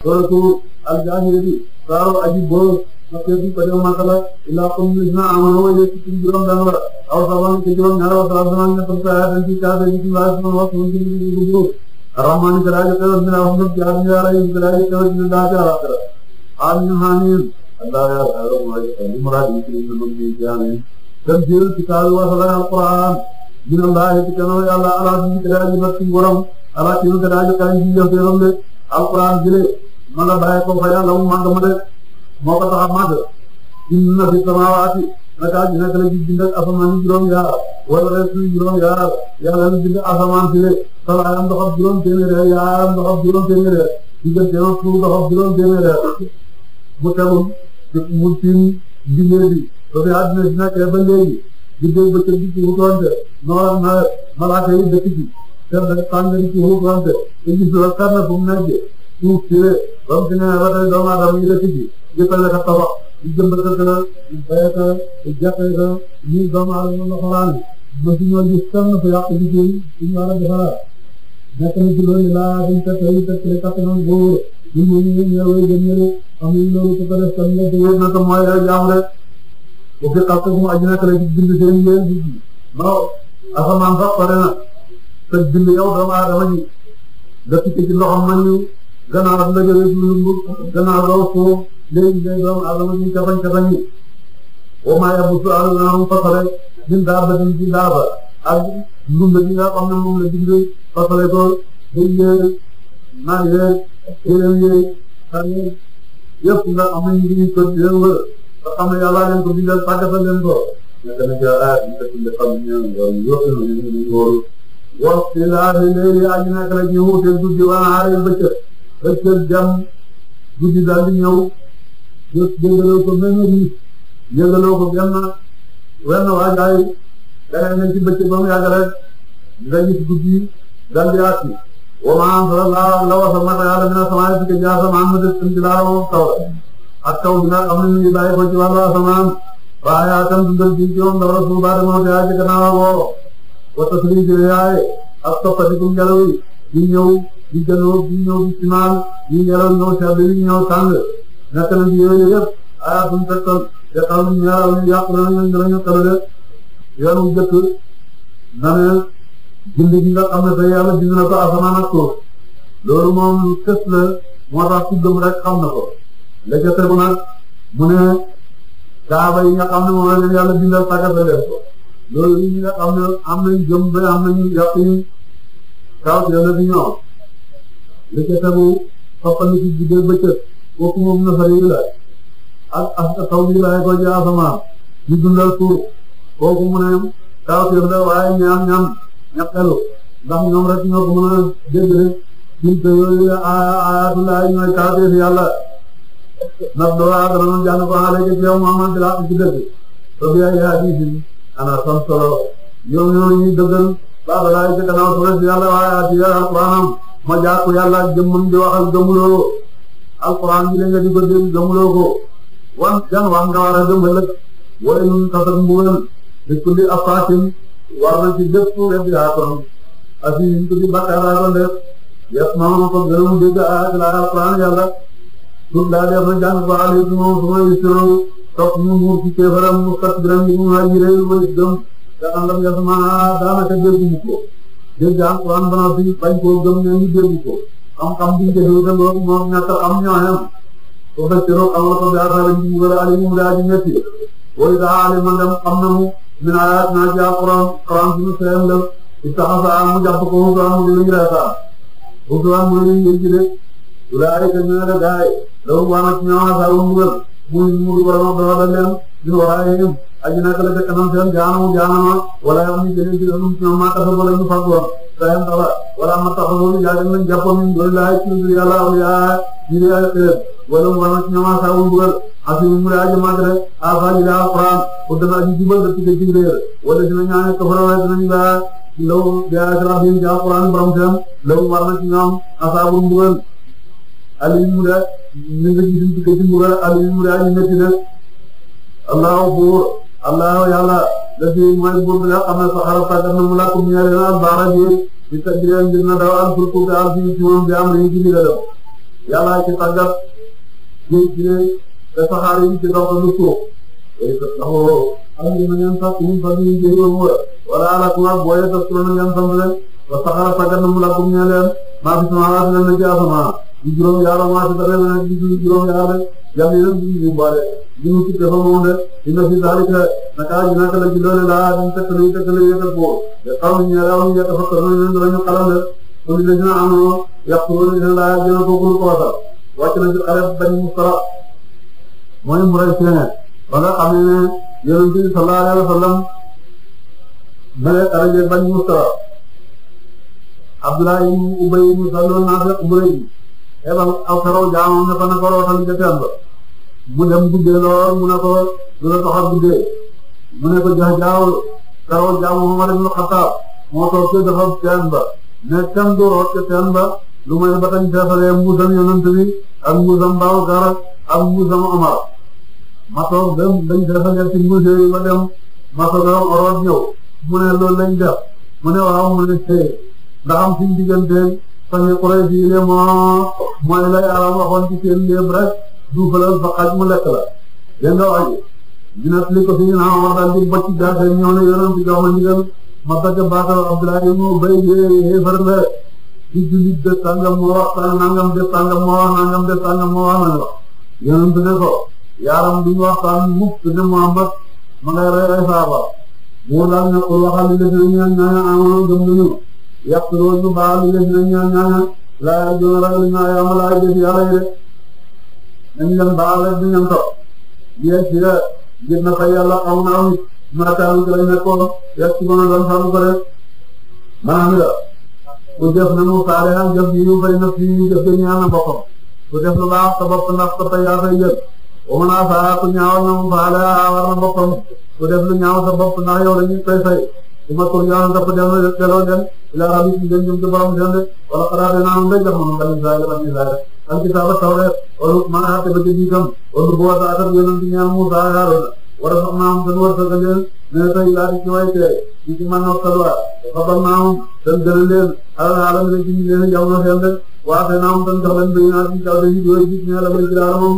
suratu al-jaahiliyya saaru aji boos parce que bu ko defee makala illaa comme ni ma amoon wala ci juróom daan la aw saban ci juróom ñaar wa salaam salaam nga xam saa yaa ci caa ci ci waa sama wax sama ci bu bu rahman ci laaje tawar dina wax ndox jaar ñu yàlla yi ci laaje tawar dina daa ci alaxira am ñu xaanin allah ya rabbi wa jalla murad yi ci ñu ngi ci jaamin tamjil kitaab wa salaam alquran dina laaje ci kanam yàlla ala ci ci laaje ba ci borom ala ci ñu daaje kan ci jëf de alquran jëlee man la bàyyi ko mu màgg mu de moo ko tax a màgg bind na fi samaawaati naka ji nekk la ci bind ak asamaan juróom asamaan si rek salaayam doxab juróom téeméer yaaram doxab juróom téeméer digganteem ak suuf doxab juróom téeméer mu mu tiim mbindee bi ba fi àddina si nekkee ba léegi guddee bëccëg bi ci wutoonte noor nawet malaaka yi dëkk ci te karna fu mu nekk ba mu fi ne la tey doomu aadama ñu def ci jëppal la ka tabax di jëmbal ka gën a béy ka jàppee ka ñuy doomu aadama loxolaan ba si ñoo gis kenn ku yàq liggéey suñu war a defaraat na ci loolu laa dañ fekk dañu fekk rek kàttan ak boobu ñun ñoo ñu ñëwee gën ñëwee xam nga loolu ku ko def tam nekk na ko mooy ay jaam rek bu fi kàttan mu aju nekk rek bind seen yéen di ji ba asamaan sax pare na te bind ji def ci ci loxo gannaaw ak la jógee ci lumbu gannaaw la woo léegi day doon adama ñu kafañ kafañ yi wa maa yabusu alnaahum fasale min daabatin ci daaba ak ndumbe bi nga xam ne moom la bind fasale ko day yéer nag yéer yéer yéer xam ne yëpp nga am nañ ñu ko di leen wër nga xam ne yàlla leen ko bindal fàggatal leen ko nekk na ca ah ñu fekk nga xam ne ñoom yoo xam ne ñu ngi wóor wax ci laa di léegi ak ñàkk la ñu wuute guddi wala aaree bëccëg ëccëg jàmm guddi daal di ñëw jë jëngaloo ko benn riis jëngaloo ko benn wenn ci bëccëg ba mu yàgg rek nga gis guddi daal di àgg wa ma la wasa mata yàlla mina samaa ke jaa sama am ci laa moom taw ak taw bi nag ko ci wàllu asamaan waaye atam dundal ci ci moom dara suuf ba demoo te yaa ci gannaaw wa tasriij yaay ak toppatikum jalaw yi ñu ñëw di jëndoo di ñëw di simaal ñu ñëral ñëw sedd ñu ñëw tàng nekk nañ ci yooyu yëpp ah suñu fekkoon fekkoon ñu ñëral ñu yàq nañ ñu ñu ñu tëbale yoonu jëkk na ne bind gi nga xam ne te na ko asamaan ak suuf loolu moom kës la moo tax ku gëm rek xam na ko la ca tegu nag mu ne kaaba yi nga xam ne moom la leen yàlla bindal tàggatale ko loolu yi nga xam ne am nañ jëm ba am nañu yàq yi. taw bi dana fi li ca tegu soppandi ci diggante bëccëg kooku moom na fari la ak ak taw ko ci asamaan di dundal suur kooku mu ne taw bi la waaye ñaam ñaam ñaqelu ndax ñoom rek ñoo ko mën a dégg rek ñun te yooyu la aayatu laay ñooy taw bi yàlla ndax doo aadama jàng ko xale ci yow Muhammad la am ci dëgg soo bi ay hadiis ana son solo yow ñoo ñuy waaw balaa yëkkë gannaaw suuna si yàlla waaye ati yàlla alquranam ma jàpp yàlla jëmmum di waxal gëmuloo alquran bi la di ko dégg gëmuloo ko wan gan wax nga war a gëmal ak wala ñun tax a mbugal kulli afaatin war na ci bépp rëdd yaa kon asi ko di bakkaar laa doon def yëpp maanaam ko gënoon dégg ak la alquran yàlla tur laa def na jàng ko alaykum moom su ma yusiroo topp ñu muur ci kéefaram mu kat yi mu hajiree lu ma gëm dana lam yasma daanaka dégguñu ko dégg alquran bana si bañ koo gëm ne ñu dégg ko xam-xam biñ defee te loolu moom ñàkk am ñooyam soo fekkee loolu am la ko gaa saa lañ ci wala alimum laa di métti booy daa alima dem xam na mu min ayat a ci alquran quran suñu seen la istaxasa mu jàpp ko hukaan mu luñ reetaan hukaan mu luñ yëngi de ulaay ka ñu ne la gaay loolu waa nag ñoo xasaaru mbugal muy muur borom ak borom leen di waaye ñun aju nekk la fekk nañ seen jaanamu jaanama ah wala yoo xam ne jëlee ci ñoom ci ñoom maaka sa borom ñu fàggu woon ah sayam dara wala am na taxaw loolu yaa dem nañ jàppoon ñu doon laaj ci biir yàlla yaa ji yaa xeet wala mu ah war a ci ñoom saa woon dugal asib mu daa jëmaat rek afa ji daa xuraan pour dana aju mbugal Aliou Moussa ñu ngi gis buur allahu yàlla daf yi buur bi nga xam ne na mu làkk mu ñëwee dina di tëj leen dina daw am pour pour am ci moom bi am nañu ci digal yàlla ci fàggat ñu ci te saxaar yi ci dox lu suuf et dafa am na ngeen sax ñu fa ñu jéem a wër wala alaakuma booyee sax si la ngeen sant leen ba saxara fàggat na mu làkk mu maa fi sama laaj na ci asamaan di juróomi yàlla mois de terrain di juróomi yàlla yàlla yéen di yóbbaale di ñu ci defar moom de dina fi daal di ko nakaay dina ko def ci loolu laa di tëkkale di tëkkale yëkkal ko te xaw ma yàlla wax nga dafa xaw ma yàlla dina xalam de kon dina dina amoon yàqu laa dina ko gën a koosa wàcc na ci xale bañ mu mooy mu rey seen ba nga xam ne yonent bi sallallahu alayhi wa sallam ma ne xale bañ mu sara Abdoulaye Ubay ebal aw saraw jaamam ne ko na ko rootal jëfeen ba mu dem guddee lool mu ne ko du la tax a guddee mu ne ko jax jaaw saraw jaamam Umar ibn Xattaab moo toog ci dafa teen ne kenn du root lu may ba kañ feefalee mbuusam yonent bi ak mbuusam baaw gara ak mbuusam mu ne loolu mu ne waaw mu ne see ndax am suñ diggante sañi Quraysh moo mooy la yàlla waxoon ci seen léeb rek duufalal fa xaj mu lekk la dégg nga wax ji dina li ko fi ñu naan wax daal di bocc gàncax gi ñëw na yoroon ci jox ma ndigal ma fekk baatal Abdoulaye moo béy bee xeefar la ci jullit de sangam nangam de sangam moo wax nangam ne ko yaaram duñu waxtaan mukk ne Muhammad ma ngay rey ay saaba moo daal ne ko waxal li def na ñaan ñaan amoon gëm nañu yàq loolu baal li def na ñaan ñaan laa jëloon ragal ñu naan yàlla laa jëf yàlla yi de nañu leen baal rek ñu leen topp yéen si la jënd na fa yàlla aw na aw it maataaru ci lañ nekkoon yàq ci mën a doon xam ko rek maanaam la ku def na mu faale ak jëf yi ñu fay na fi jëf yi ñaan na boppam ku def lu baax sa bopp ndax sa fay yaa fay jël wa man asaa ku ñaawal na mu faale war na boppam ku def lu ñaaw sa bopp ndax yow la ñuy fay fay. bu ma ko ñaan dafa dellu delloo leen ilaa rabbi si jëm jëm ci borom jëm de wala xalaat yi naan dañ def moom bani Israël bani Israël al kitaaba tawreet ba jëndi itam wala bu wasa atam yonent ñaan Muusaa Haaruna war a sax naam seen leen ne tey laa di ci way di ci mën noo kalwaa xabal naam seen gële leen alal alam leen ci leen jaw na seen de waate naam seen jox leen bay naa ci kaw dañu doy gis ne la bay jiraala moom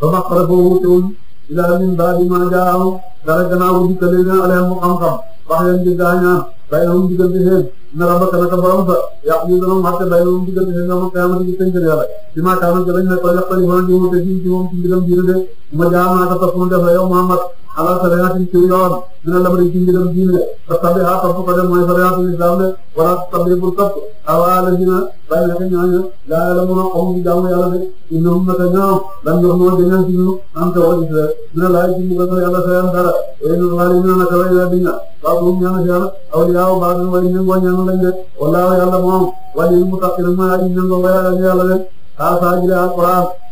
ba baqara boo wuute wuñ ilaa min baadi maa jaaw dara gannaaw bu dikkale na alayhim xam-xam wax leen di gaañaan baynahum diggante seen na rabbaka naka borom sa yàq ñu dana marté baynahum diggante seen ñoom xiyamati gi tënkal yàlla ci maa kaana ci lañ ne koy laqali fana di wuute ci ci moom ci mbiram diine de ma maa ka topp mu def la yow Muhammad ala sariyaatin ci yoon dina lamri ci mbiram diine ba tabi a topp ko dem mooy sariyaatin islam de wala tabi bul topp awa la dina bàyyi naka ñooñu laa la mun a xom di jaamu yàlla de innahum am te wajis la dina laay ci mbugal sayan dara way nun waali na way la dina baabum ñaan si yàlla aw yaaw baa nun wali ñu ngoo moom wali mu taqil ma aji ñango wayala yàlla de xaasaa ji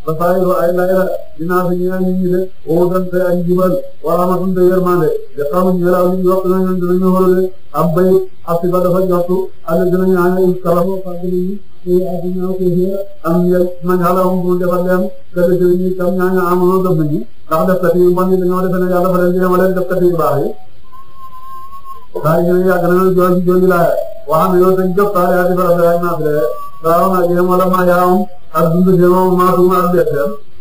fasaayiru ay layla dinaa fi ñaan ñi de woo dan te ay jubal wala ma tunte yërmande a xamuñ yelaaw liñ yokk nañ leen dinañu xorole am bayit asi ba dafa jottu alle dinañu añe in kalamo fagiliñi te asi ñaaw kefie am yel nañ leen kede ke ñi kam ñaaña amono def nañu ndax def kat yi mbon yi dañoo defe ne yàlla dafa leen jéema leen def kat yi baax yi waaye ñooñu yàgg nañu joon si jooni laaya waxam ne yow dañ jot taale asi ba dafa ay naafile baaxoon na jéem wala maa yaram ak dundu jéem a maa tuuma ak def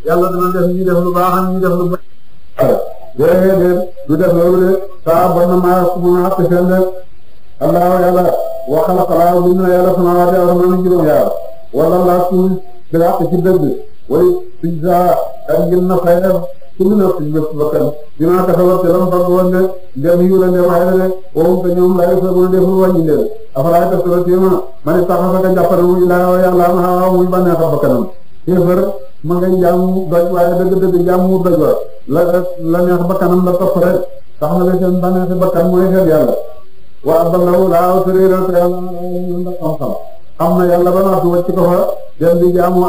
yàlla dina def ñu def lu baax ñu def lu baax. déedéet du def loolu de saa bon na maa mun a àq seen def allahu yàlla waxal xalaat bu ñu ne yàlla sama waate ak man juróom yaar wala laa suuf bi àq ci dëgg way suñ saa ak ngir na fay def kullu nafsin bépp bakkan dinaa taxawal te lam fag woon ne ndem yiw la ndem ay la de wowum te ñoom lay sagul deful wàññi leen afalaay tasala téema ma ne taxa faka njàppanamu ilaa wa yàlla ma xaw muy bànnee xa bakkanam kéefër ma nga njaamu doj waaye dëgg dëgg njaamu doj wa la la neex bakkanam la topp rek tax na le seen bànneexi bakkan mooy xel yàlla wa abalaw laaw sëréeral te xam-xam xam na yàlla ba naatu wàcc ko fa dem di jaamu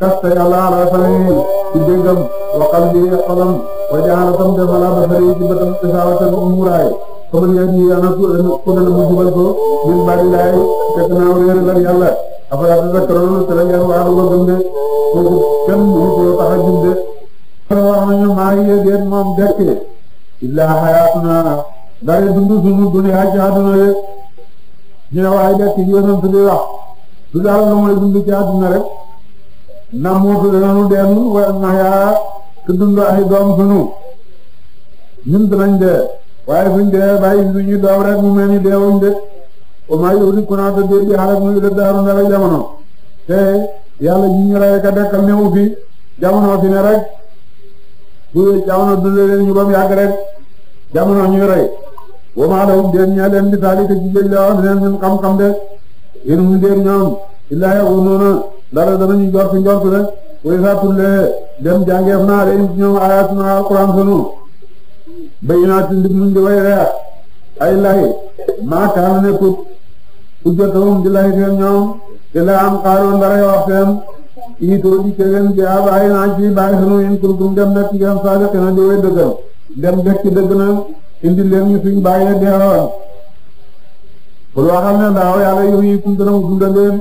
kasta yàlla ala sam'ihim ci déggam wa qalbi xolam wa jaala tam def ala basari ci bëtam isaawatan umuraay faman yahdihi ana ku dana mu jubal ko min ba'di llaahi fekk naa réer lan yàlla afalaa tazakkaruun te la ngeen waaru ko gëm de kooku kenn mënu ko tax a jum de wax nañu maa ngi déet moom dekke illaa xayaatunaa dara dund de ñu wax du daal lu mooy dund na muutu danañu dem wala naxyaa te dund ay doom sunu ñun dinañ dee waaye suñ dee bàyyi suñu doom rek mu mel ni deewuñ de au moins yow di konante biir bi xale mu ngi def daaru ndara jamono te yàlla ji ñu rey ka dekkal newu fi jamono fi ne rek bu jamono ñu ba yàgg rek jamono ñuy rey wa maa lahum déet ñee leen di taalika ci jëj la woon leen ñun xam-xam de yéen mu déet ñoom illaa yaquuluuna dara danañu jortu njortu rek way sa tullee dem jàngeef naa leen ñoom ayatuna alquran sunu bayyinaatin di muñ di way reer ay lahi maa kaana nekkut hujjatuhum di lahi teen ñoom te la am xaaroon dara yo waxteen iitoo di kegen bi a bàyyi naa ci bàyyi sunu in kuntum dem nekk ngeen saadiqiina di way dëggal dem dekk dëgg na indi leen ñu suñ bàyyi deewoon pour waxal ne ndaaw yàlla yu yi kum dana mu dundal leen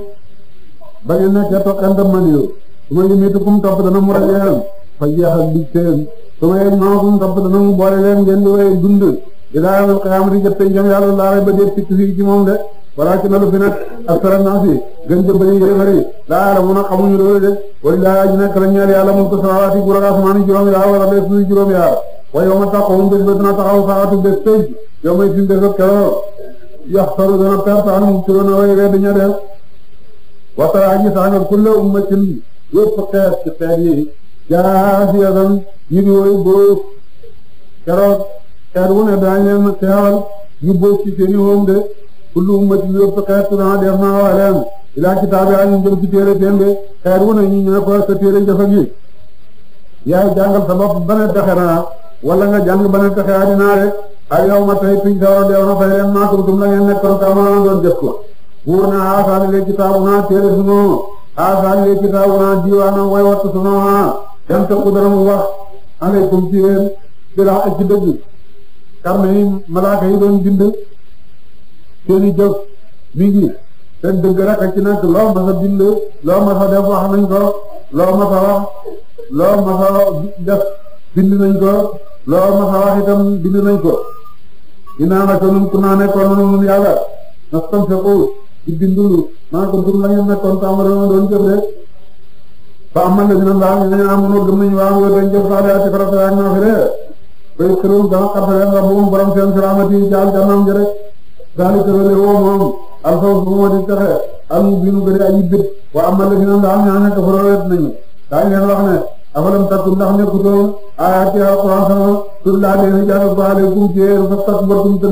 ba ngeen nekkee toqante man yow su ma yëngatu kum topp dana mu rëdd yéen fa jeexal dig seen su ma yëngoo kum topp dana mu boole leen ngeen di wéy dund di daal xayamati jot tey jëm yàlla laa ba dee picc fii ci moom de walaakin na lu fi nag asara naa fi gën jëm ba ñu yéefari laa la mun a xamuñu loolu de wala laa ji nekk la ñeel yàlla mun ko sawaati guur ak asmaani juróomi laa wala bee suy yaa waaye ma taxawum bés ba dina taxaw saxaatu bés tey yow may fi mu des ak keroog yaxsaru dana na way ree dañu def watara ñu saxal kulla ummatin yëpp xeet ci xeet yi jaasiyatan ñu di woy boof keroog xeet wu ne daañ leen teewal ñu boof ci seeni woom de kullu ummatin yëpp xeet tunaa def naa waa leen ilaa kitaabi a ñu jëm ci téere seen de xeet wu ne ko sa téere njëfa gi yaay jàngal sa bopp ba ne texe naa wala nga jàng ba ne ay yow ma tey piñ sa war a deew na fay leen maa turtum la ngeen nekkoon ka ma doon jëf ko buur na aasaani le kitaabuna téere sunu aasaani le kitaabuna diwaana way wattu sunu haa dem te ku dara mu wax aleykum ci yéen bi la karne yi malaaka yi doon bind seeni jëf mi ngi seen dëgg rek loo masa bind loo masa def wax nañ ko loo masa wax loo masa def bind nañ ko loo masa wax itam bind nañ ko inaana ko nun ku naa nekkoon nun yàlla na stamfe di bindu maa ko tur la ñu nekkoon te amul woon doon jëf de te amal la dina baax ñu ne amoon gëm nañu waaw dañ jëf saa yaa ci farata yaa ñoo fi de bay xërum dama xarta leen rabbu mu borom seen salaamati ci aljanam ji rek daal di tëral woo moom alfaw bu ma di taxe am bi nu gëri ayi bit wa amal la dina baax ñoo nekk fororet nañu daañu leen wax ne afalam takku ndax nekkutoon ayaati alquran sama tur laa leen jaaral baale kum ci fa takbartum te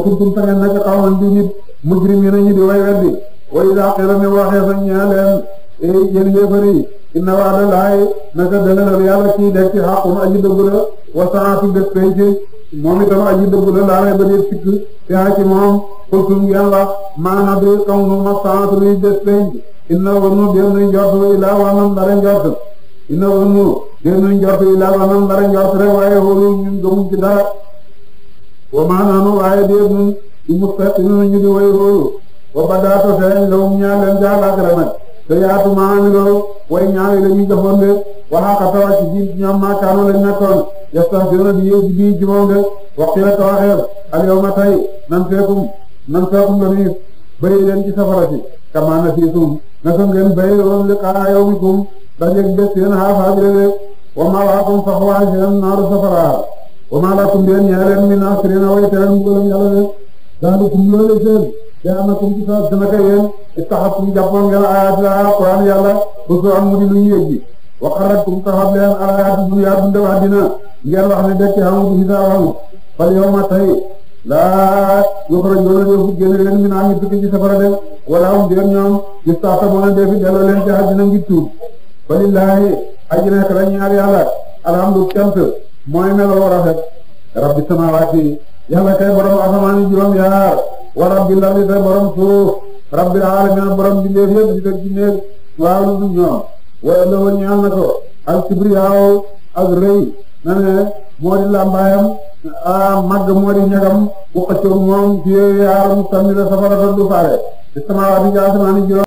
kuntum ta ngeen nekk xawman di nit mujrimina ñi di way weddi wa idaa qiila ne waxee fa ñeel leen ee yéen yéefar yi inna wa'da laahi naka dëgëral yàlla kii dekk xaqun aji dëggu la wa saa'atu bés penc moom itam aji dëggu la laa ba dee sikk te haa ci moom kultum yàlla maa nadri qawnu ma saa'atu luy bés penc inna wannu dee nuy njort ilaa wanan dara njort inna wannu dee nuy njort ilaa wanan dara njort rek waaye xoolu ñun gëmuñ ci dara wa maanaam waaye déet ñun di mustaqim ñu di way royu wa badaata feeñ lawum ñaan leen jaalakra nag te yaatu maami loolu way ñaan yi la ñuy defoon de waxaaka tawa ci ji ñoom maakaano lañ nekkoon yastahduna di yéeg bi jimoom de waqila tawaxeel al yawma tay nan feekum nan feekum la niis bëyi leen ci safara si kama na fiitum naka ngeen bëyi woon liqaa yawmikum dajeeg bés seen xaafaabilede wa mawaakum faxwaa seen naaru safara wa maa lakum leen ñaareelu min naasiriin way tere mbugalam yàlla de daanukum loole seen te annakum ci saas dana kay yéen istaxabtum jàppoon ngeen ayaati alquran yàlla ba di lu ñu yëggi wa xarrajtum taxab leen alayaati dunya dunde wax dina ngeen wax ne dekki xamul hisaab xamul fal yawma tey laa yuxrajuuna defu génne leen min ami tukki ci safara de wala hum déen ñoom yustaxsabuuna defi delloo leen ci àddina ngi tuub fa lillaahi aji nekk la ñaar yàlla alhamdu cant mooy meloo rafet rabbi samaawaati yàlla kay borom asamaan yi juróom yaar wa rabbil ardi kay borom suuf rabbil aalamiin borom bindéef yëpp di teg ci néeg waaw lu dul ñoom wala la woon ñaal na ko al kibriyaaw ak rëy na ne moo di làmbaayam a màgg ñagam bu xëccoog moom ci yaaru mu tànn safara du faale ci samaawaati yi asamaan yi juróom